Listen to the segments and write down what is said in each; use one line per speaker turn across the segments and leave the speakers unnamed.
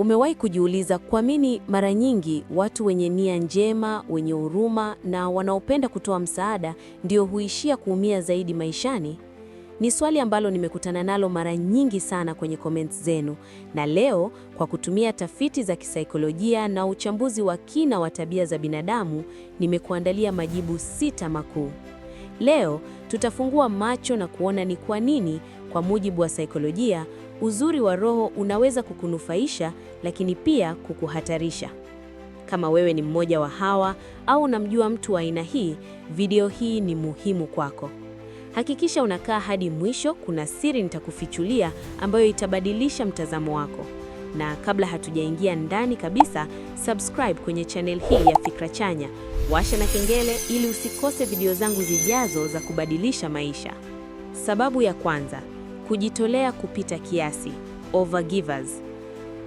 Umewahi kujiuliza kwa nini mara nyingi watu wenye nia njema, wenye huruma na wanaopenda kutoa msaada ndio huishia kuumia zaidi maishani? Ni swali ambalo nimekutana nalo mara nyingi sana kwenye comments zenu, na leo kwa kutumia tafiti za kisaikolojia na uchambuzi wa kina wa tabia za binadamu, nimekuandalia majibu sita makuu. Leo tutafungua macho na kuona ni kwa nini, kwa mujibu wa saikolojia, Uzuri wa roho unaweza kukunufaisha lakini pia kukuhatarisha. Kama wewe ni mmoja wa hawa au unamjua mtu wa aina hii, video hii ni muhimu kwako. Hakikisha unakaa hadi mwisho, kuna siri nitakufichulia ambayo itabadilisha mtazamo wako. Na kabla hatujaingia ndani kabisa, subscribe kwenye channel hii ya Fikra Chanya, washa na kengele ili usikose video zangu zijazo za kubadilisha maisha. Sababu ya kwanza, kujitolea kupita kiasi, overgivers.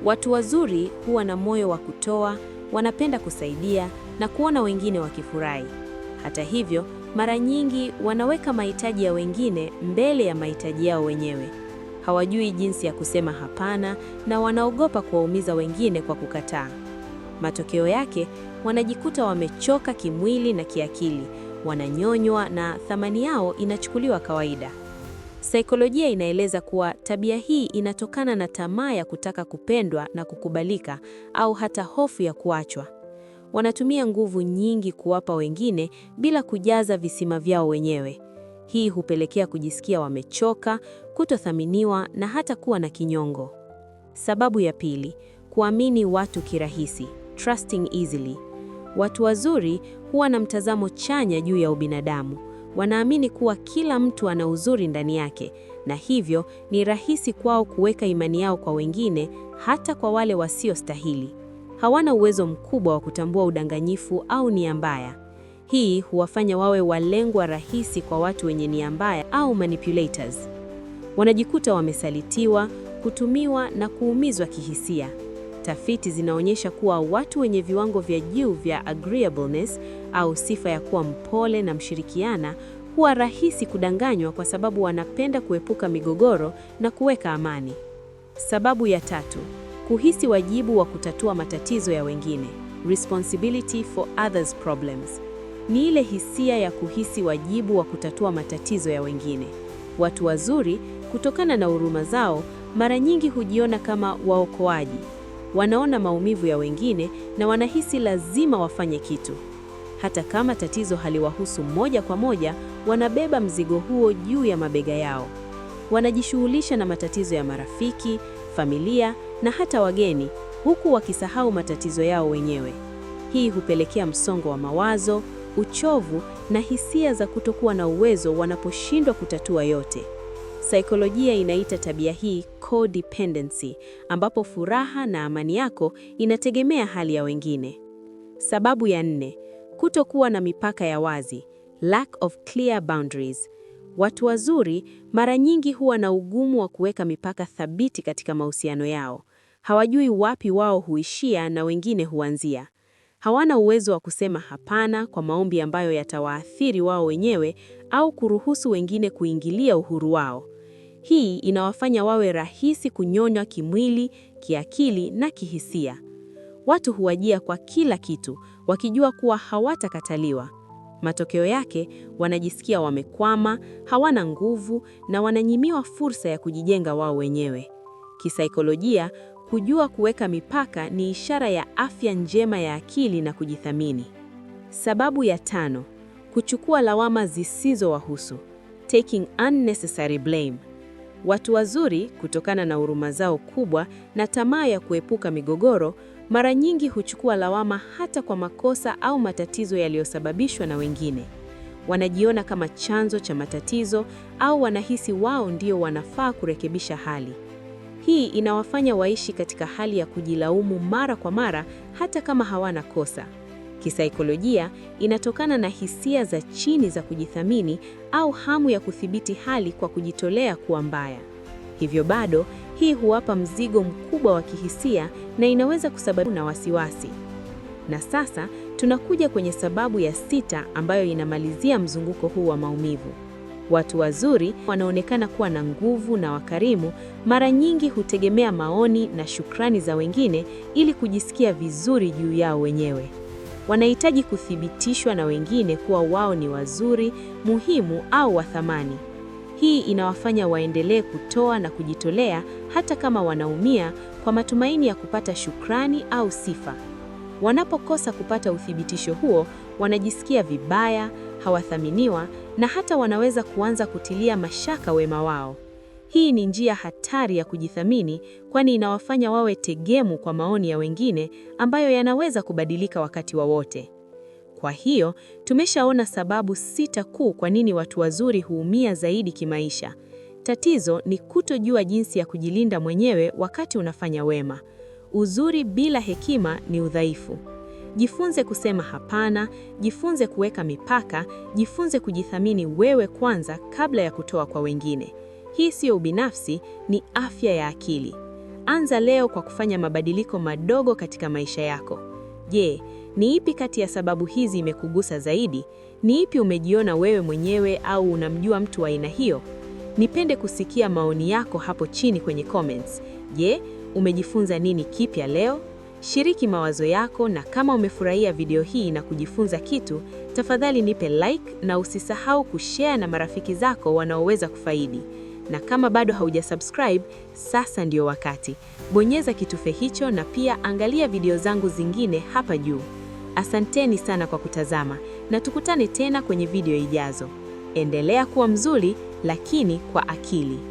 Watu wazuri huwa na moyo wa kutoa, wanapenda kusaidia na kuona wengine wakifurahi. Hata hivyo, mara nyingi wanaweka mahitaji ya wengine mbele ya mahitaji yao wenyewe. Hawajui jinsi ya kusema hapana na wanaogopa kuwaumiza wengine kwa kukataa. Matokeo yake, wanajikuta wamechoka kimwili na kiakili, wananyonywa na thamani yao inachukuliwa kawaida. Saikolojia inaeleza kuwa tabia hii inatokana na tamaa ya kutaka kupendwa na kukubalika au hata hofu ya kuachwa. Wanatumia nguvu nyingi kuwapa wengine bila kujaza visima vyao wenyewe. Hii hupelekea kujisikia wamechoka, kutothaminiwa na hata kuwa na kinyongo. Sababu ya pili, kuamini watu kirahisi, trusting easily. Watu wazuri huwa na mtazamo chanya juu ya ubinadamu wanaamini kuwa kila mtu ana uzuri ndani yake, na hivyo ni rahisi kwao kuweka imani yao kwa wengine, hata kwa wale wasiostahili. Hawana uwezo mkubwa wa kutambua udanganyifu au nia mbaya. Hii huwafanya wawe walengwa rahisi kwa watu wenye nia mbaya au manipulators. Wanajikuta wamesalitiwa, kutumiwa na kuumizwa kihisia. Tafiti zinaonyesha kuwa watu wenye viwango vya juu vya agreeableness au sifa ya kuwa mpole na mshirikiana huwa rahisi kudanganywa kwa sababu wanapenda kuepuka migogoro na kuweka amani. Sababu ya tatu, kuhisi wajibu wa kutatua matatizo ya wengine, responsibility for others problems. Ni ile hisia ya kuhisi wajibu wa kutatua matatizo ya wengine. Watu wazuri, kutokana na huruma zao, mara nyingi hujiona kama waokoaji wanaona maumivu ya wengine na wanahisi lazima wafanye kitu. Hata kama tatizo haliwahusu moja kwa moja, wanabeba mzigo huo juu ya mabega yao. Wanajishughulisha na matatizo ya marafiki, familia na hata wageni, huku wakisahau matatizo yao wenyewe. Hii hupelekea msongo wa mawazo, uchovu na hisia za kutokuwa na uwezo wanaposhindwa kutatua yote. Saikolojia inaita tabia hii codependency, ambapo furaha na amani yako inategemea hali ya wengine. Sababu ya nne, kutokuwa na mipaka ya wazi, lack of clear boundaries. Watu wazuri mara nyingi huwa na ugumu wa kuweka mipaka thabiti katika mahusiano yao. Hawajui wapi wao huishia na wengine huanzia. Hawana uwezo wa kusema hapana kwa maombi ambayo yatawaathiri wao wenyewe au kuruhusu wengine kuingilia uhuru wao. Hii inawafanya wawe rahisi kunyonywa kimwili, kiakili na kihisia. Watu huwajia kwa kila kitu, wakijua kuwa hawatakataliwa. Matokeo yake, wanajisikia wamekwama, hawana nguvu na wananyimiwa fursa ya kujijenga wao wenyewe. Kisaikolojia, kujua kuweka mipaka ni ishara ya afya njema ya akili na kujithamini. Sababu ya tano, kuchukua lawama zisizowahusu, taking unnecessary blame. Watu wazuri, kutokana na huruma zao kubwa na tamaa ya kuepuka migogoro, mara nyingi huchukua lawama hata kwa makosa au matatizo yaliyosababishwa na wengine. Wanajiona kama chanzo cha matatizo au wanahisi wao ndio wanafaa kurekebisha hali. Hii inawafanya waishi katika hali ya kujilaumu mara kwa mara hata kama hawana kosa. Kisaikolojia inatokana na hisia za chini za kujithamini au hamu ya kudhibiti hali kwa kujitolea kuwa mbaya. Hivyo bado hii huwapa mzigo mkubwa wa kihisia na inaweza kusababisha na wasiwasi. Na sasa tunakuja kwenye sababu ya sita ambayo inamalizia mzunguko huu wa maumivu. Watu wazuri wanaonekana kuwa na nguvu na wakarimu, mara nyingi hutegemea maoni na shukrani za wengine ili kujisikia vizuri juu yao wenyewe wanahitaji kuthibitishwa na wengine kuwa wao ni wazuri, muhimu au wa thamani. Hii inawafanya waendelee kutoa na kujitolea hata kama wanaumia, kwa matumaini ya kupata shukrani au sifa. Wanapokosa kupata uthibitisho huo, wanajisikia vibaya, hawathaminiwa na hata wanaweza kuanza kutilia mashaka wema wao. Hii ni njia hatari ya kujithamini, kwani inawafanya wawe tegemu kwa maoni ya wengine ambayo yanaweza kubadilika wakati wowote. Kwa hiyo, tumeshaona sababu sita kuu kwa nini watu wazuri huumia zaidi kimaisha. Tatizo ni kutojua jinsi ya kujilinda mwenyewe wakati unafanya wema. Uzuri bila hekima ni udhaifu. Jifunze kusema hapana, jifunze kuweka mipaka, jifunze kujithamini wewe kwanza kabla ya kutoa kwa wengine. Hii siyo ubinafsi, ni afya ya akili. Anza leo kwa kufanya mabadiliko madogo katika maisha yako. Je, ni ipi kati ya sababu hizi imekugusa zaidi? Ni ipi umejiona wewe mwenyewe au unamjua mtu wa aina hiyo? Nipende kusikia maoni yako hapo chini kwenye comments. Je, umejifunza nini kipya leo? Shiriki mawazo yako, na kama umefurahia video hii na kujifunza kitu, tafadhali nipe like na usisahau kushare na marafiki zako wanaoweza kufaidi na kama bado haujasubscribe, sasa ndio wakati. Bonyeza kitufe hicho na pia angalia video zangu zingine hapa juu. Asanteni sana kwa kutazama na tukutane tena kwenye video ijazo. Endelea kuwa mzuri lakini kwa akili.